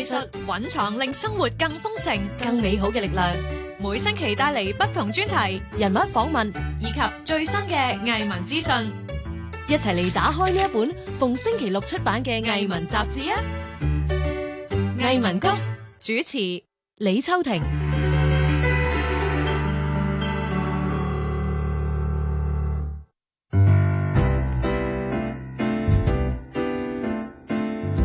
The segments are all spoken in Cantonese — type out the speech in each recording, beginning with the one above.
技術蘊藏令生活更豐盛、更美好嘅力量，每星期帶嚟不同專題、人物訪問以及最新嘅藝文資訊，一齊嚟打開呢一本逢星期六出版嘅藝文雜誌啊！藝文谷主持李秋婷。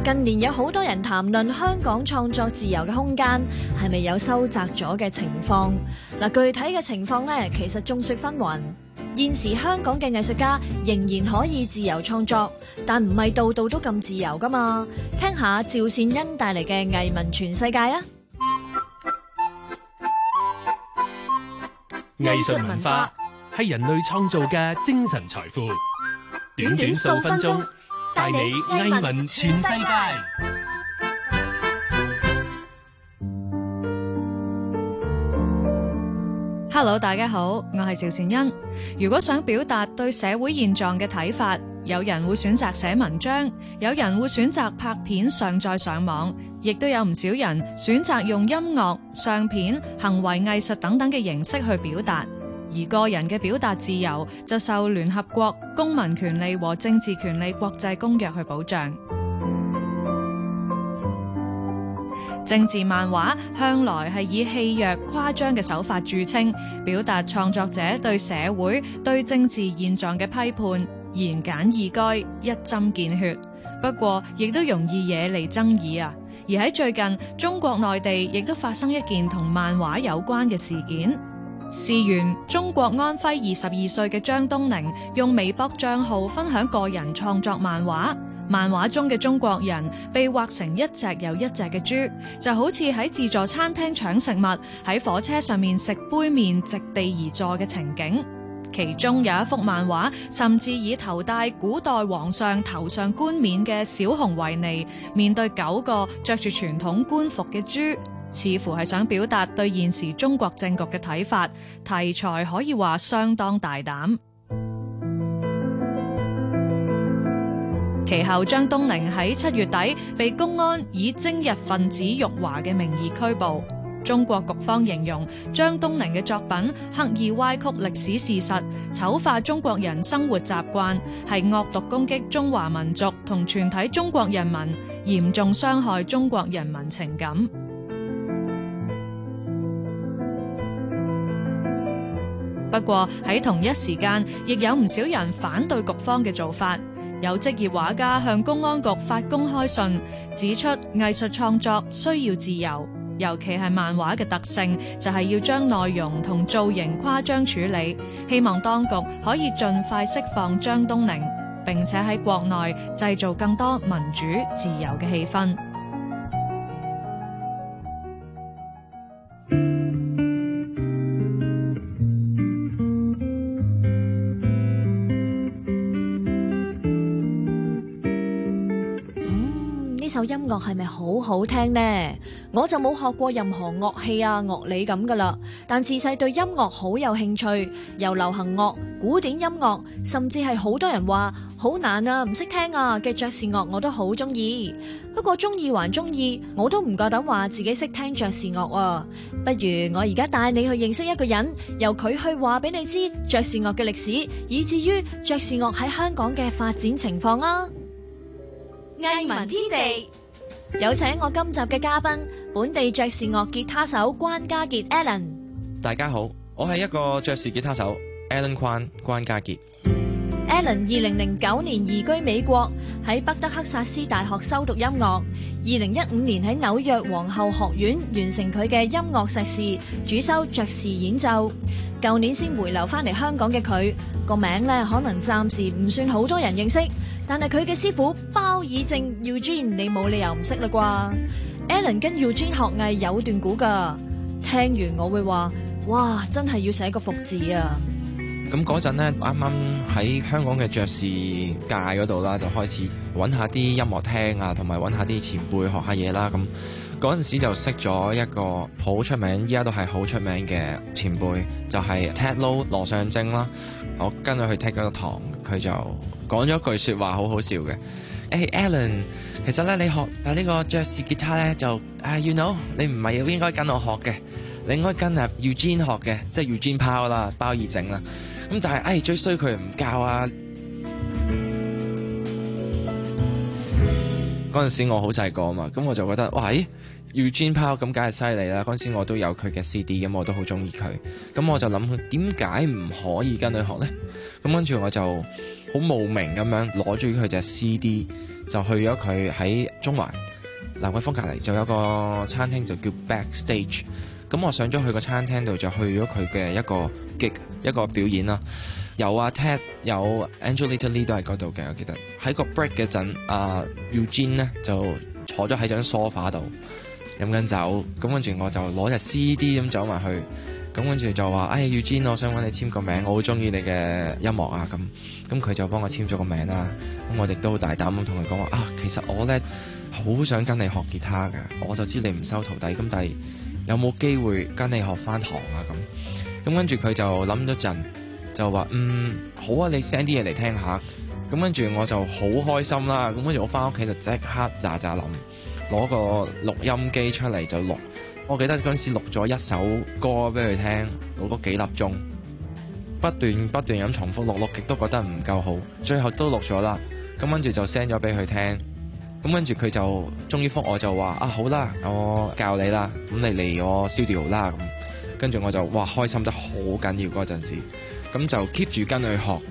近年有好多人談論香港創作自由嘅空間係咪有收窄咗嘅情況？嗱，具體嘅情況呢，其實眾說紛紜。現時香港嘅藝術家仍然可以自由創作，但唔係度度都咁自由噶嘛？聽下趙善恩帶嚟嘅藝文全世界啊！藝術文化係人類創造嘅精神財富。短短數分鐘。帶你藝文全世界。Hello，大家好，我係趙善恩。如果想表達對社會現狀嘅睇法，有人會選擇寫文章，有人會選擇拍片上載上網，亦都有唔少人選擇用音樂、相片、行為藝術等等嘅形式去表達。而個人嘅表達自由就受聯合國公民權利和政治權利國際公約去保障。政治漫畫向來係以戲謔、誇張嘅手法著稱，表達創作者對社會、對政治現狀嘅批判，言簡意賅，一針見血。不過，亦都容易惹嚟爭議啊！而喺最近，中國內地亦都發生一件同漫畫有關嘅事件。事源中國安徽二十二歲嘅張東寧用微博賬號分享個人創作漫畫，漫畫中嘅中國人被畫成一隻又一隻嘅豬，就好似喺自助餐廳搶食物、喺火車上面食杯麵、席地而坐嘅情景。其中有一幅漫畫，甚至以頭戴古代皇上頭上冠冕嘅小熊維尼面對九個着住傳統官服嘅豬。似乎係想表達對現時中國政局嘅睇法，題材可以話相當大膽。其後，張東寧喺七月底被公安以“精日分子”辱華嘅名義拘捕。中國局方形容張東寧嘅作品刻意歪曲歷史事實，醜化中國人生活習慣，係惡毒攻擊中華民族同全體中國人民，嚴重傷害中國人民情感。不過，在同一時間，亦有不少人反對局方的做法。有職業畫家向公安局發公開信，指出藝術創作需要自由，尤其是漫畫的特性，就是要將內容和造型誇張處理，希望當局可以盡快釋放張東寧，並且在國內製造更多民主自由的氣氛。呢首音樂係咪好好聽呢？我就冇學過任何樂器啊、樂理咁噶啦。但自細對音樂好有興趣，由流行樂、古典音樂，甚至係好多人話好難啊、唔識聽啊嘅爵士樂我都好中意。不過中意還中意，我都唔夠膽話自己識聽爵士樂啊。不如我而家帶你去認識一個人，由佢去話俾你知爵士樂嘅歷史，以至於爵士樂喺香港嘅發展情況啊。藝文天地有請我今集嘅嘉賓，本地爵士樂吉他手關家傑 Alan。大家好，我係一個爵士吉他手 Alan Quan 關家傑。Alan 二零零九年移居美國，喺北德克薩斯大學修讀音樂。二零一五年喺紐約皇后學院完成佢嘅音樂碩士，主修爵士演奏。舊年先回流翻嚟香港嘅佢個名咧，可能暫時唔算好多人認識，但係佢嘅師傅包以正 Eugene 你冇理由唔識啦啩？Alan 跟 Eugene 學藝有段古噶，聽完我會話：哇，真係要寫個服字啊！咁嗰陣咧，啱啱喺香港嘅爵士界嗰度啦，就開始揾下啲音樂聽啊，同埋揾下啲前輩學下嘢啦咁。嗰陣時就識咗一個好出名，依家都係好出名嘅前輩，就係、是、Ted Lo 羅尚正啦。我跟佢去 take 嗰個堂，佢就講咗句說話，好好笑嘅。誒、hey, Alan，其實咧你學誒呢個爵士吉他咧就誒 you，know, 你唔係應該跟我學嘅，你應該跟啊、e、Eugene 學嘅，即係 Eugene Pao 啦，包以正啦。咁但係誒最衰佢唔教啊。嗰陣時我好細個啊嘛，咁我就覺得喂。Eugene Pao 咁梗係犀利啦。嗰陣時我都有佢嘅 CD，咁我都好中意佢。咁我就諗佢點解唔可以跟佢學呢？咁跟住我就好慕名咁樣攞住佢隻 CD，就去咗佢喺中環蘭桂坊隔離，就有個餐廳就叫 Backstage。咁我上咗去個餐廳度，就去咗佢嘅一個 gig 一個表演啦。有阿 Ted，有 Angelita Lee 都喺嗰度嘅。我記得喺個 break 嗰陣，啊，Eugene 呢就坐咗喺張 sofa 度。飲緊酒，咁跟住我就攞隻 CD 咁走埋去，咁跟住就話，哎呀，Eugene，我想搵你簽個名，我好中意你嘅音樂啊！咁，咁佢就幫我簽咗個名啦。咁我哋都大膽咁同佢講話，啊，其實我咧好想跟你學吉他㗎，我就知你唔收徒弟，咁但係有冇機會跟你學翻堂啊？咁，咁跟住佢就諗咗陣，就話：嗯，好啊，你 send 啲嘢嚟聽下。咁跟住我就好開心啦。咁跟住我翻屋企就即刻咋咋諗。攞個錄音機出嚟就錄，我記得嗰陣時錄咗一首歌俾佢聽，錄咗幾粒鐘，不斷不斷咁重複錄錄，極都覺得唔夠好，最後都錄咗啦。咁跟住就 send 咗俾佢聽，咁跟住佢就終於覆我就話，啊，好啦，我教你啦，咁你嚟我 studio 啦。咁跟住我就哇，開心得好緊要嗰陣時，咁就 keep 住跟佢學，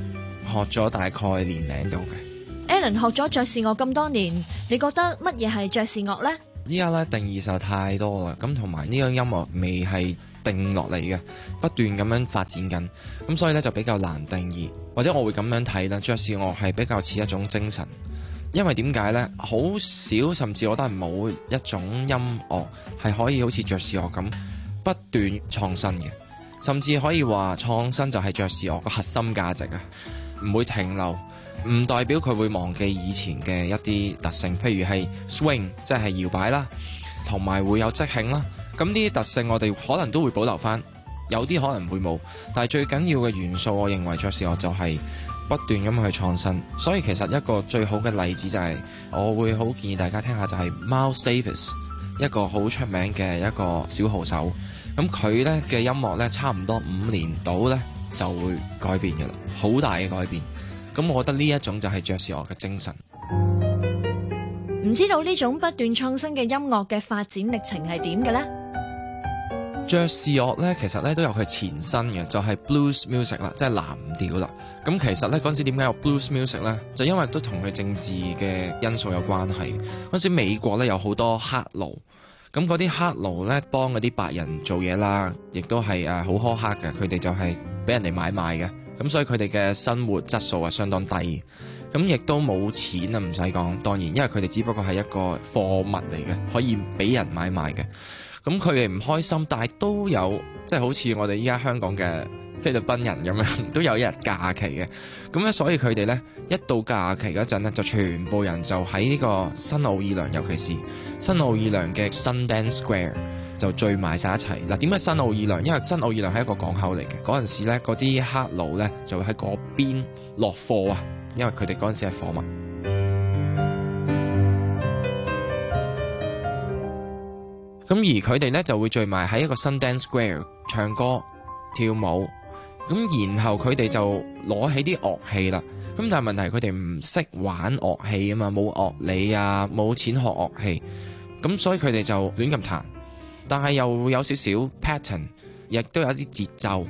學咗大概年零度嘅。Alan 學咗爵士樂咁多年，你覺得乜嘢係爵士樂呢？依家咧定義實在太多啦，咁同埋呢樣音樂未係定落嚟嘅，不斷咁樣發展緊，咁所以咧就比較難定義。或者我會咁樣睇啦，爵士樂係比較似一種精神，因為點解呢？好少甚至我都係冇一種音樂係可以好似爵士樂咁不斷創新嘅，甚至可以話創新就係爵士樂個核心價值啊，唔會停留。唔代表佢會忘記以前嘅一啲特性，譬如係 swing 即係搖擺啦，同埋會有即興啦。咁呢啲特性我哋可能都會保留翻，有啲可能會冇。但係最緊要嘅元素，我認為爵士樂就係不斷咁去創新。所以其實一個最好嘅例子就係、是、我會好建議大家聽下，就係 Miles Davis 一個好出名嘅一個小號手。咁佢咧嘅音樂咧，差唔多五年到咧就會改變嘅，啦，好大嘅改變。咁，我覺得呢一種就係爵士樂嘅精神。唔知道呢種不斷創新嘅音樂嘅發展歷程係點嘅呢？爵士樂咧，其實咧都有佢前身嘅，就係 blues music 啦，即係藍調啦。咁其實咧嗰陣時點解有 blues music 咧？就因為都同佢政治嘅因素有關係。嗰陣時美國咧有好多黑奴，咁嗰啲黑奴咧幫嗰啲白人做嘢啦，亦都係好苛刻嘅，佢哋就係俾人哋買賣嘅。咁所以佢哋嘅生活質素啊，相當低，咁亦都冇錢啊，唔使講。當然，因為佢哋只不過係一個貨物嚟嘅，可以俾人買賣嘅。咁佢哋唔開心，但係都有即係好似我哋依家香港嘅菲律賓人咁樣，都有一日假期嘅。咁咧，所以佢哋咧一到假期嗰陣咧，就全部人就喺呢個新奧爾良，尤其是新奧爾良嘅 Sundance Square。就聚埋晒一齊嗱。啊，點解新奧爾良？因為新奧爾良係一個港口嚟嘅，嗰陣時咧，嗰啲黑佬呢就會喺嗰邊落貨啊。因為佢哋嗰陣時係貨物咁，嗯、而佢哋呢，就會聚埋喺一個新 Dan Square 唱歌跳舞咁，然後佢哋就攞起啲樂器啦。咁但係問題佢哋唔識玩樂器啊嘛，冇樂理啊，冇錢學樂器咁，所以佢哋就亂咁彈。但係又有少少 pattern，亦都有一啲節奏。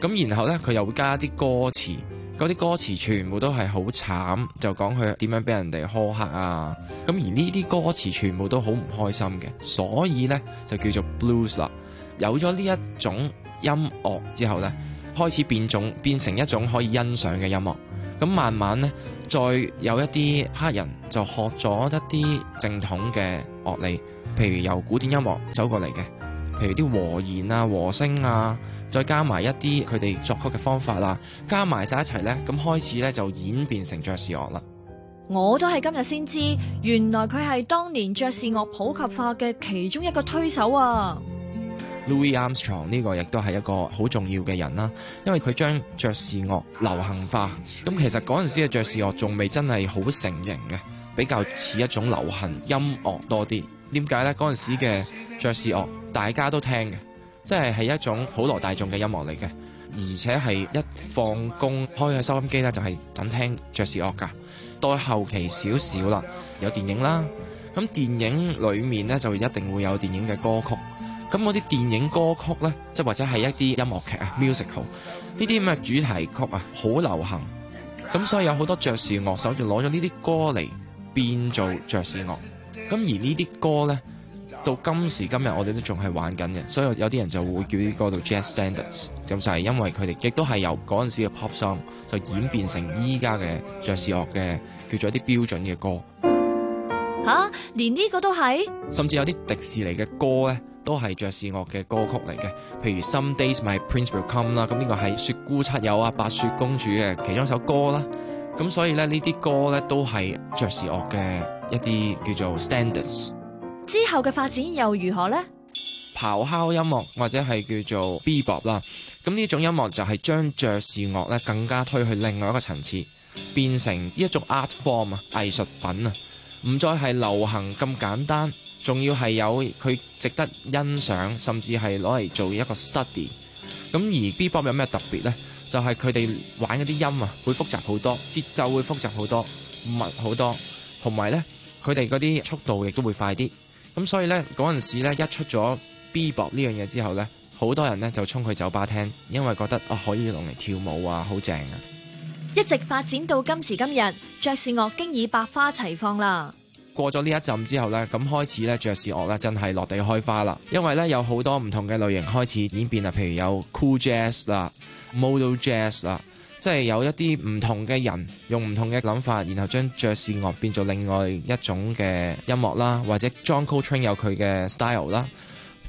咁然後呢，佢又會加一啲歌詞。嗰啲歌詞全部都係好慘，就講佢點樣俾人哋苛刻啊！咁而呢啲歌詞全部都好唔開心嘅，所以呢，就叫做 blues 啦。有咗呢一種音樂之後呢，開始變種，變成一種可以欣賞嘅音樂。咁慢慢呢，再有一啲黑人就學咗一啲正統嘅樂理。譬如由古典音樂走過嚟嘅，譬如啲和弦啊、和聲啊，再加埋一啲佢哋作曲嘅方法啦，加埋晒一齊呢，咁開始呢就演變成爵士樂啦。我都係今日先知，原來佢係當年爵士樂普及化嘅其中一個推手啊。Louis Armstrong 呢個亦都係一個好重要嘅人啦，因為佢將爵士樂流行化。咁其實嗰陣時嘅爵士樂仲未真係好成型嘅，比較似一種流行音樂多啲。點解呢？嗰陣時嘅爵士樂大家都聽嘅，即係係一種普羅大眾嘅音樂嚟嘅，而且係一放工開嘅收音機呢，就係等聽爵士樂噶。到後期少少啦，有電影啦，咁電影裏面呢，就一定會有電影嘅歌曲。咁嗰啲電影歌曲呢，即或者係一啲音樂劇啊、musical 呢啲咁嘅主題曲啊，好流行。咁所以有好多爵士樂手就攞咗呢啲歌嚟變做爵士樂。咁而呢啲歌咧，到今時今日我哋都仲係玩緊嘅，所以有啲人就會叫啲歌做 jazz standards，咁就係、是、因為佢哋亦都係由嗰陣時嘅 pop song 就演變成依家嘅爵士樂嘅叫做一啲標準嘅歌。吓、啊，連呢個都係？甚至有啲迪士尼嘅歌咧，都係爵士樂嘅歌曲嚟嘅，譬如 Some Days My Prince Will Come 啦，咁呢個係《雪姑七友》啊《白雪公主》嘅其中一首歌啦。咁所以咧，呢啲歌咧都係爵士樂嘅一啲叫做 standards。之後嘅發展又如何呢？咆哮音樂或者係叫做 bebop 啦，咁呢種音樂就係將爵士樂咧更加推去另外一個層次，變成一種 art form 啊，藝術品啊，唔再係流行咁簡單，仲要係有佢值得欣賞，甚至係攞嚟做一個 study。咁而 bebop 有咩特別呢？就係佢哋玩嗰啲音啊，會複雜好多，節奏會複雜好多，密好多，同埋呢，佢哋嗰啲速度亦都會快啲。咁所以呢，嗰陣時呢一出咗 Bebop 呢樣嘢之後呢，好多人呢就衝去酒吧聽，因為覺得啊、哦、可以用嚟跳舞啊，好正啊！一直發展到今時今日，爵士樂經已百花齊放啦。過咗呢一陣之後呢，咁開始呢，爵士樂咧真係落地開花啦。因為呢，有好多唔同嘅類型開始演變啦，譬如有 Cool Jazz 啦、啊、Modal Jazz 啦、啊，即係有一啲唔同嘅人用唔同嘅諗法，然後將爵士樂變做另外一種嘅音樂啦，或者 John Coltrane 有佢嘅 style 啦。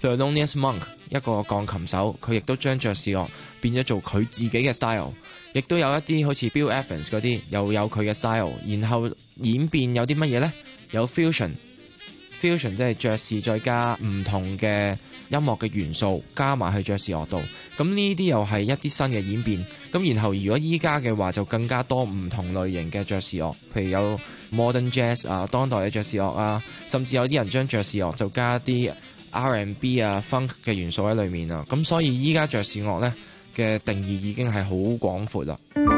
Thelonious Monk 一個鋼琴手，佢亦都將爵士樂變咗做佢自己嘅 style，亦都有一啲好似 Bill Evans 嗰啲，又有佢嘅 style。然後演變有啲乜嘢呢？有 fusion，fusion 即係爵士再加唔同嘅音樂嘅元素加埋去爵士樂度，咁呢啲又係一啲新嘅演變。咁然後如果依家嘅話就更加多唔同類型嘅爵士樂，譬如有 modern jazz 啊、當代嘅爵士樂啊，甚至有啲人將爵士樂就加啲 R&B 啊、funk 嘅元素喺裏面啊。咁所以依家爵士樂呢嘅定義已經係好廣闊啦。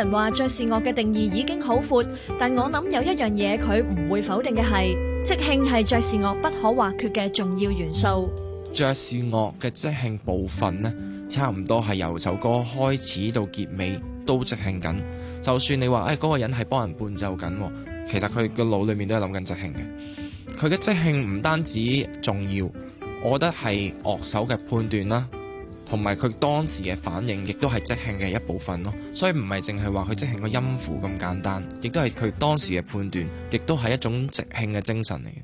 人話爵士樂嘅定義已經好闊，但我諗有一樣嘢佢唔會否定嘅，係即興係爵士樂不可或缺嘅重要元素。爵士樂嘅即興部分呢，差唔多係由首歌開始到結尾都即興緊。就算你話誒嗰個人係幫人伴奏緊，其實佢個腦裏面都係諗緊即興嘅。佢嘅即興唔單止重要，我覺得係樂手嘅判斷啦。同埋佢當時嘅反應，亦都係即興嘅一部分咯。所以唔係淨係話佢即興個音符咁簡單，亦都係佢當時嘅判斷，亦都係一種即興嘅精神嚟嘅。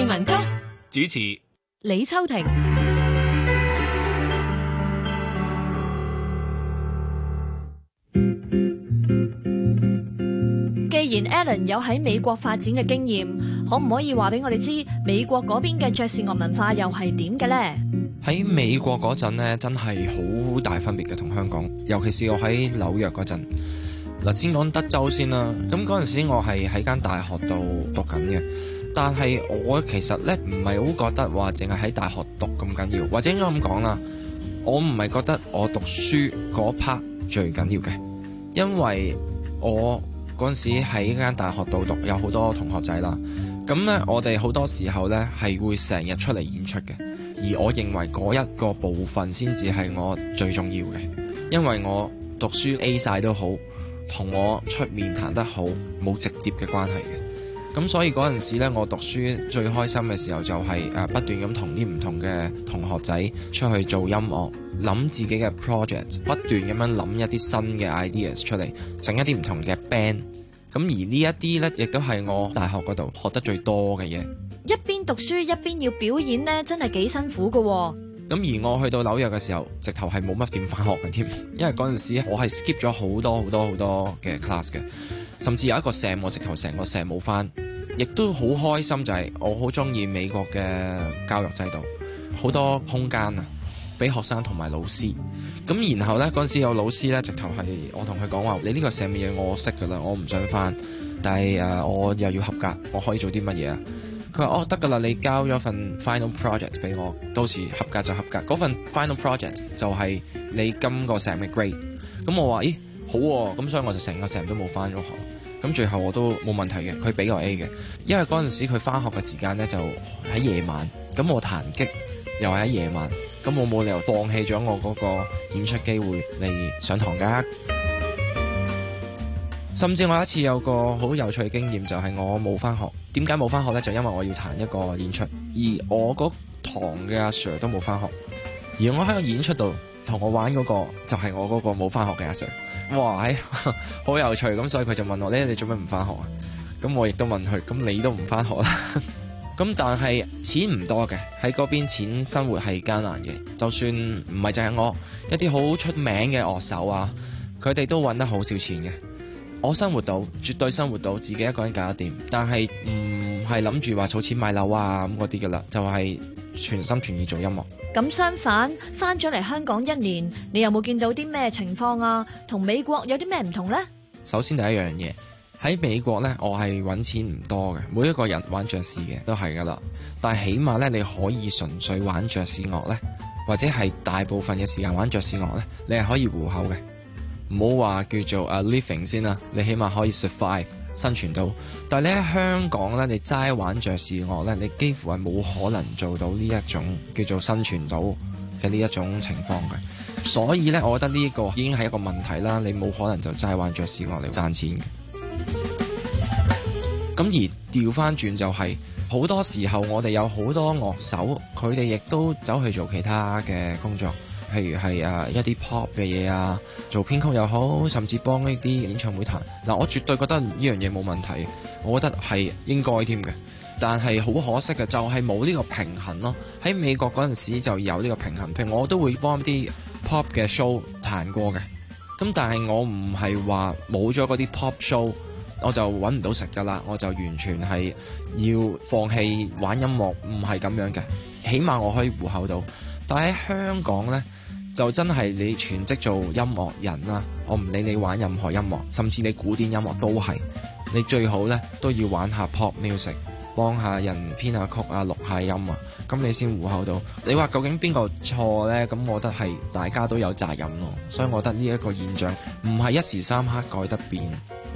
藝文谷主持李秋婷。然 Alan 有喺美國發展嘅經驗，可唔可以話俾我哋知美國嗰邊嘅爵士樂文化又係點嘅咧？喺美國嗰陣咧，真係好大分別嘅，同香港，尤其是我喺紐約嗰陣。嗱，先講德州先啦。咁嗰陣時候我係喺間大學度讀緊嘅，但係我，我其實咧唔係好覺得話淨係喺大學讀咁緊要，或者應該咁講啦，我唔係覺得我讀書嗰 part 最緊要嘅，因為我。嗰陣時喺間大學度讀，有好多同學仔啦。咁咧，我哋好多時候呢係會成日出嚟演出嘅。而我認為嗰一個部分先至係我最重要嘅，因為我讀書 A 晒都好，同我出面彈得好，冇直接嘅關係嘅。咁所以嗰陣時咧，我讀書最開心嘅時候就係、是、誒、啊、不斷咁同啲唔同嘅同學仔出去做音樂，諗自己嘅 project，不斷咁樣諗一啲新嘅 ideas 出嚟，整一啲唔同嘅 band。咁而呢一啲咧，亦都係我大學嗰度學得最多嘅嘢。一邊讀書一邊要表演咧，真係幾辛苦㗎喎、哦。咁而我去到紐約嘅時候，直頭係冇乜點返學嘅添，因為嗰陣時我係 skip 咗好多好多好多嘅 class 嘅。甚至有一個 exam，我直頭成個 exam 冇翻，亦都好開心就係、是、我好中意美國嘅教育制度，好多空間啊，俾學生同埋老師。咁然後呢，嗰陣時有老師呢，直頭係我同佢講話：你呢個 exam 嘅嘢我識噶啦，我唔想翻，但係、呃、我又要合格，我可以做啲乜嘢啊？佢話：哦，得噶啦，你交咗份 final project 俾我，到時合格就合格。嗰份 final project 就係你今個 exam 嘅 grade。咁我話：咦？好喎、啊，咁所以我就成個成日都冇返咗學，咁最後我都冇問題嘅，佢俾我 A 嘅，因為嗰陣時佢返學嘅時間呢，就喺夜晚，咁我彈擊又係喺夜晚，咁我冇理由放棄咗我嗰個演出機會嚟上堂㗎、啊。甚至我有一次有個好有趣嘅經驗，就係、是、我冇返學，點解冇返學呢？就因為我要彈一個演出，而我嗰堂嘅阿 Sir 都冇返學，而我喺個演出度。同我玩嗰，那個就係、是，我嗰個冇返學嘅阿 Sir，哇，好有趣，咁所以佢就問我咧，你做咩唔返學啊？咁我亦都問佢，咁你都唔返學啦？咁 但係錢唔多嘅喺嗰邊，錢生活係艱難嘅。就算唔係淨係我一啲好出名嘅樂手啊，佢哋都搵得好少錢嘅。我生活到，絕對生活到自己一個人搞得掂，但係唔係諗住話儲錢買樓啊咁嗰啲噶啦，就係全心全意做音樂。咁相反，翻咗嚟香港一年，你有冇見到啲咩情況啊？同美國有啲咩唔同呢？首先第一樣嘢喺美國呢，我係揾錢唔多嘅，每一個人玩爵士嘅都係噶啦。但係起碼呢，你可以純粹玩爵士樂呢，或者係大部分嘅時間玩爵士樂呢，你係可以糊口嘅。唔好話叫做啊 living 先啦，你起碼可以 survive 生存到。但係你喺香港咧，你齋玩爵士樂咧，你幾乎係冇可能做到呢一種叫做生存到嘅呢一種情況嘅。所以咧，我覺得呢個已經係一個問題啦。你冇可能就齋玩爵士樂嚟賺錢嘅。咁而調翻轉就係，好多時候，我哋有好多樂手，佢哋亦都走去做其他嘅工作。譬如係啊一啲 pop 嘅嘢啊，做編曲又好，甚至幫呢啲演唱會彈嗱，我絕對覺得呢樣嘢冇問題，我覺得係應該添嘅。但係好可惜嘅就係冇呢個平衡咯。喺美國嗰陣時就有呢個平衡，譬如我都會幫啲 pop 嘅 show 彈過嘅。咁但係我唔係話冇咗嗰啲 pop show 我就揾唔到食噶啦，我就完全係要放棄玩音樂，唔係咁樣嘅。起碼我可以糊口到，但係喺香港呢。就真係你全職做音樂人啦，我唔理你玩任何音樂，甚至你古典音樂都係你最好咧，都要玩下 pop music，幫下人編下曲啊，錄下音啊，咁你先糊口到。你話究竟邊個錯呢？咁我覺得係大家都有責任咯。所以我覺得呢一個現象唔係一時三刻改得變。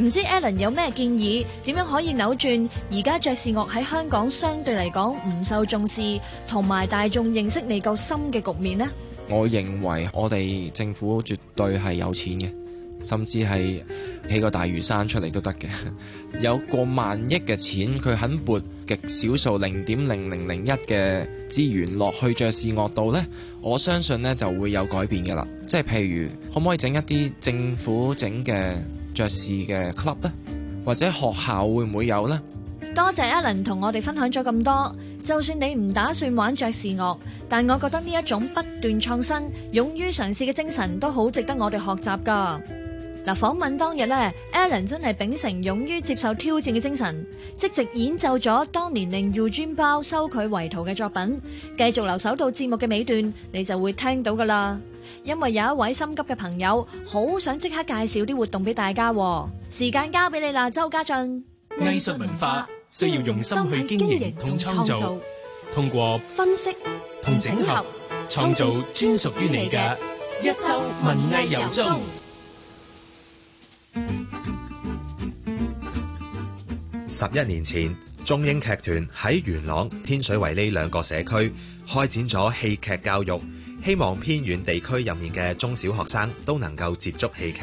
唔知 Alan 有咩建議，點樣可以扭轉而家爵士樂喺香港相對嚟講唔受重視，同埋大眾認識未夠深嘅局面呢？我認為我哋政府絕對係有錢嘅，甚至係起個大嶼山出嚟都得嘅。有過萬億嘅錢，佢肯撥極少數零點零零零一嘅資源落去爵士樂度呢，我相信呢就會有改變嘅啦。即係譬如，可唔可以整一啲政府整嘅爵士嘅 club 呢？或者學校會唔會有呢？多謝 Alan 同我哋分享咗咁多。就算你唔打算玩爵士樂，但我覺得呢一種不斷創新、勇於嘗試嘅精神都好值得我哋學習噶。嗱，訪問當日咧，Alan 真係秉承勇於接受挑戰嘅精神，即席演奏咗當年令 Eugene 包收佢為徒嘅作品，繼續留守到節目嘅尾段，你就會聽到噶啦。因為有一位心急嘅朋友，好想即刻介紹啲活動俾大家。時間交俾你啦，周家俊，藝術文化。需要用心去經營同創造，通過分析同整合，創造專屬於你嘅一周文藝遊蹤。十一年前，中英劇團喺元朗、天水圍呢兩個社區開展咗戲劇教育，希望偏遠地區入面嘅中小學生都能夠接觸戲劇。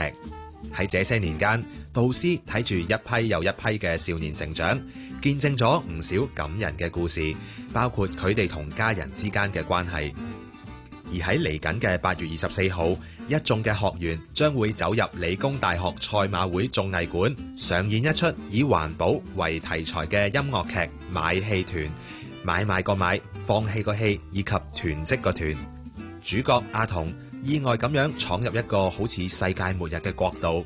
喺這些年間，導師睇住一批又一批嘅少年成長。見證咗唔少感人嘅故事，包括佢哋同家人之間嘅關係。而喺嚟緊嘅八月二十四號，一眾嘅學員將會走入理工大學賽馬會綜藝館，上演一齣以環保為題材嘅音樂劇《買戲團》，買賣個買，放棄個戲，以及團積個團。主角阿童意外咁樣闖入一個好似世界末日嘅國度。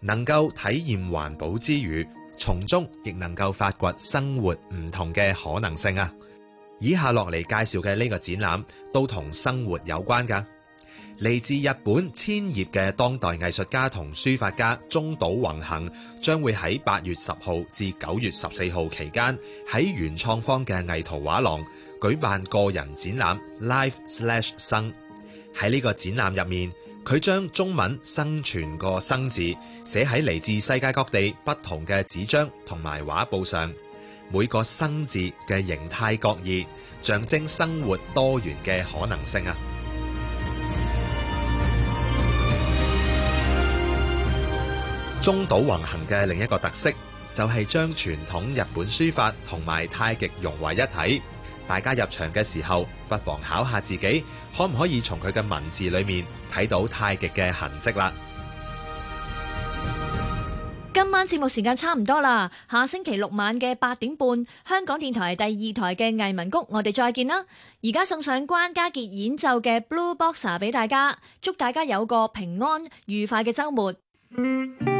能夠體驗環保之餘，從中亦能夠發掘生活唔同嘅可能性啊！以下落嚟介紹嘅呢個展覽，都同生活有關㗎。嚟自日本千葉嘅當代藝術家同書法家中島宏行，將會喺八月十號至九月十四號期間，喺原創方嘅藝圖畫廊舉辦個人展覽《Life Slash 生》Sun。喺呢個展覽入面，佢將中文生存個生字寫喺嚟自世界各地不同嘅紙張同埋畫布上，每個生字嘅形態各異，象徵生活多元嘅可能性啊！中島橫行嘅另一個特色就係將傳統日本書法同埋太極融為一體。大家入場嘅時候，不妨考下自己，可唔可以從佢嘅文字裏面睇到太極嘅痕迹啦。今晚節目時間差唔多啦，下星期六晚嘅八點半，香港電台第二台嘅藝文谷，我哋再見啦。而家送上關家傑演奏嘅《Blue Bossa》俾大家，祝大家有個平安愉快嘅周末。嗯